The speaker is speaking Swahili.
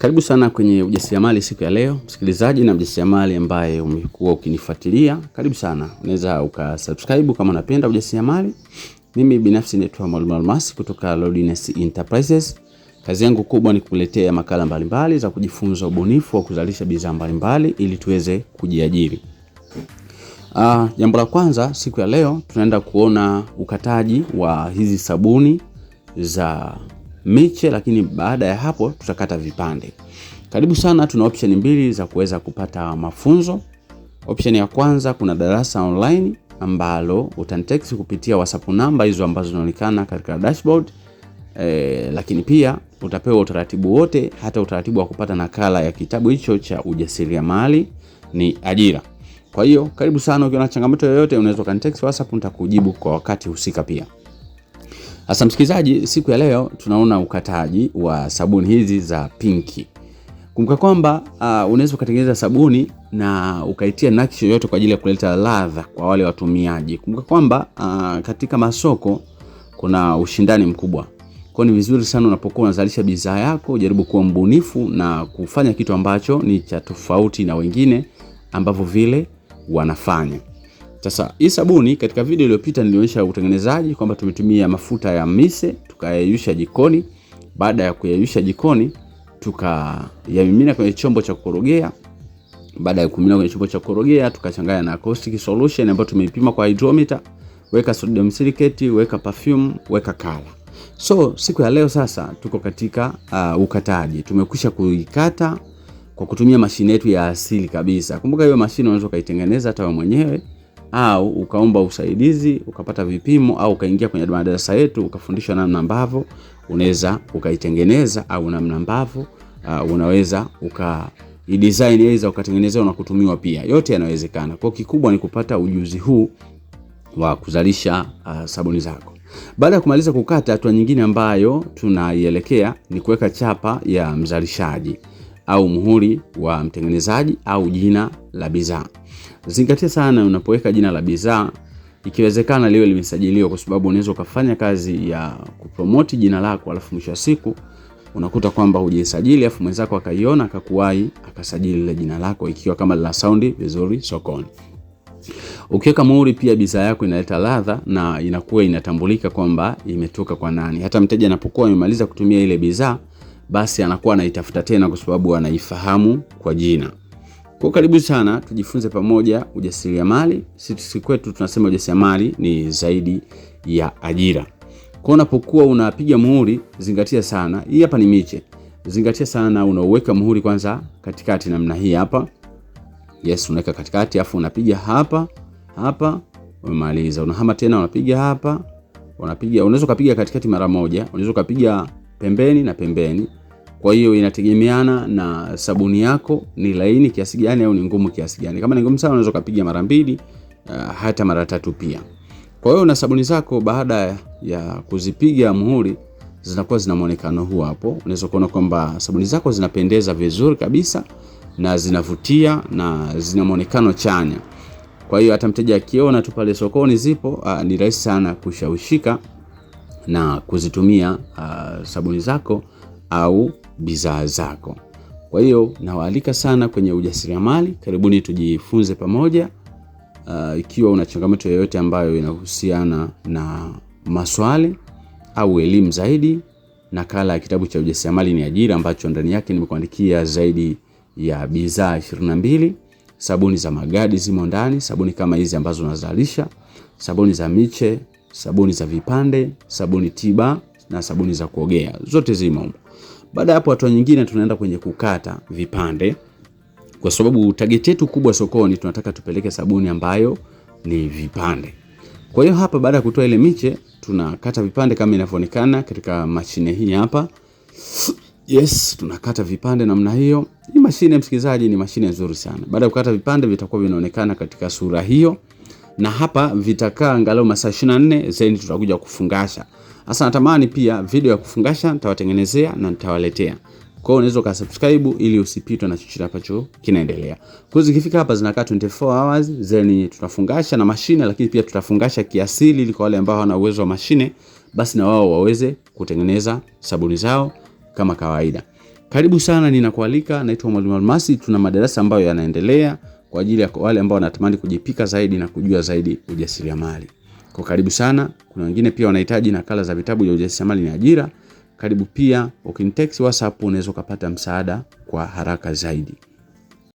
Karibu sana kwenye ujasiriamali siku ya leo, msikilizaji na mjasiriamali ambaye umekuwa ukinifuatilia, karibu sana. Unaweza ukasubscribe kama unapenda ujasiriamali. Mimi binafsi naitwa Mwalimu Almasi kutoka Lodness Enterprises. Kazi yangu kubwa ni kukuletea makala mbalimbali za kujifunza ubunifu wa kuzalisha bidhaa mbalimbali ili tuweze kujiajiri. Ah, jambo la kwanza siku ya leo tunaenda kuona ukataji wa hizi sabuni za miche, lakini baada ya hapo tutakata vipande. Karibu sana, tuna option mbili za kuweza kupata mafunzo. Option ya kwanza, kuna darasa online ambalo utanitext kupitia WhatsApp namba hizo ambazo zinaonekana katika dashboard. E, lakini pia utapewa utaratibu wote, hata utaratibu wa kupata nakala ya kitabu hicho cha ujasiriamali ni ajira. Kwa hiyo karibu sana, ukiona changamoto yoyote unaweza ukanitext WhatsApp, nitakujibu kwa wakati husika pia. Sasa msikilizaji, siku ya leo tunaona ukataji wa sabuni hizi za pinki. Kumbuka kwamba uh, unaweza ukatengeneza sabuni na ukaitia nakshi yoyote kwa ajili ya kuleta ladha kwa wale watumiaji. Kumbuka kwamba uh, katika masoko kuna ushindani mkubwa, kwa ni vizuri sana unapokuwa unazalisha bidhaa yako jaribu kuwa mbunifu na kufanya kitu ambacho ni cha tofauti na wengine ambavyo vile wanafanya. Sasa hii sabuni katika video iliyopita nilionyesha utengenezaji kwamba tumetumia mafuta ya mise tukayayusha jikoni. Baada ya kuyayusha jikoni, tukayamimina kwenye chombo cha kukorogea. Baada ya kumimina kwenye chombo cha kukorogea, tukachanganya na caustic solution ambayo tumeipima kwa hydrometer, weka sodium silicate, weka perfume, weka kala. So siku ya leo sasa tuko katika uh, ukataji. Tumekwisha kuikata kwa kutumia mashine yetu ya asili kabisa. Kumbuka hiyo mashine unaweza ukaitengeneza hata wewe mwenyewe au ukaomba usaidizi ukapata vipimo au ukaingia kwenye madarasa yetu ukafundishwa namna ambavyo unaweza ukaitengeneza au namna ambavyo uh, unaweza uka design aidha ukatengenezewa na kutumiwa pia, yote yanawezekana. Kwa kikubwa ni kupata ujuzi huu wa kuzalisha uh, sabuni zako. Baada ya kumaliza kukata, hatua nyingine ambayo tunaielekea ni kuweka chapa ya mzalishaji au muhuri wa mtengenezaji au jina la bidhaa. Zingatia sana unapoweka jina la bidhaa, ikiwezekana liwe limesajiliwa, kwa sababu unaweza ukafanya kazi ya kupromoti jina lako alafu mwisho wa siku unakuta kwamba hujisajili afu mwenzako akaiona akakuwahi akasajili ile jina lako ikiwa kama la saundi vizuri sokoni. Ukiweka muhuri pia bidhaa yako inaleta ladha na inakuwa inatambulika kwamba imetoka kwa nani. Hata mteja anapokuwa amemaliza kutumia ile bidhaa basi anakuwa anaitafuta tena kwa sababu anaifahamu kwa jina. Kwa karibu sana tujifunze pamoja ujasiriamali. Sisi kwetu tunasema ujasiriamali ni zaidi ya ajira. Kwa unapokuwa unapiga muhuri, zingatia sana. Hii hapa ni miche. Zingatia sana unaweka muhuri kwanza katikati namna hii hapa. Yes, unaweka katikati afu unapiga hapa, hapa, umemaliza. Unahama tena unapiga hapa. Unapiga, unaweza kupiga katikati mara moja, unaweza kupiga pembeni na pembeni. Kwa hiyo inategemeana na sabuni yako ni laini kiasi gani au ni ngumu kiasi gani. Kama ni ngumu sana unaweza kupiga mara mbili uh, hata mara tatu pia. Kwa hiyo na sabuni zako baada ya kuzipiga muhuri zinakuwa zina muonekano huu hapo. Unaweza kuona kwamba sabuni zako zinapendeza vizuri kabisa na zinavutia na zina muonekano chanya. Kwa hiyo hata mteja akiona tu pale sokoni zipo, uh, ni rahisi sana kushawishika na kuzitumia uh, sabuni zako au bidhaa zako. Kwa hiyo nawaalika sana kwenye ujasiriamali, karibuni tujifunze pamoja. Uh, ikiwa una changamoto yoyote ambayo inahusiana na maswali au elimu zaidi, nakala ya kitabu cha ujasiriamali ni ajira ambacho ndani yake nimekuandikia zaidi ya bidhaa 22. Sabuni za magadi zimo ndani, sabuni kama hizi ambazo unazalisha, sabuni za miche, sabuni za vipande, sabuni tiba na sabuni za kuogea, zote zimo. Baada ya hapo, hatua nyingine tunaenda kwenye kukata vipande, kwa sababu target yetu kubwa sokoni tunataka tupeleke sabuni ambayo ni vipande. Kwa hiyo hapa, baada ya kutoa ile miche, tunakata vipande kama inavyoonekana katika mashine hii hapa. Yes, tunakata vipande namna hiyo. Hii mashine msikilizaji, ni mashine nzuri sana. Baada ya kukata vipande, vitakuwa vinaonekana katika sura hiyo na hapa vitakaa angalau masaa 24 zaidi, tutakuja kufungasha. Sasa natamani pia video ya kufungasha nitawatengenezea na nitawaletea. Kwa hiyo unaweza ukasubscribe ili usipitwe na chochote ambacho kinaendelea. Kwa hiyo zikifika hapa zinakaa 24 hours then tutafungasha na mashine, lakini pia tutafungasha kiasili ili kwa wale ambao hawana uwezo wa mashine basi na wao waweze kutengeneza sabuni zao kama kawaida. Karibu sana, ninakualika. Naitwa Mwalimu Almasi. Tuna madarasa ambayo yanaendelea kwa ajili ya wale ambao wanatamani kujipika zaidi na kujua zaidi ujasiriamali. Kwa karibu sana. Kuna wengine pia wanahitaji nakala za vitabu vya ujasiriamali na ajira. Karibu pia, ukinitext WhatsApp unaweza ukapata msaada kwa haraka zaidi.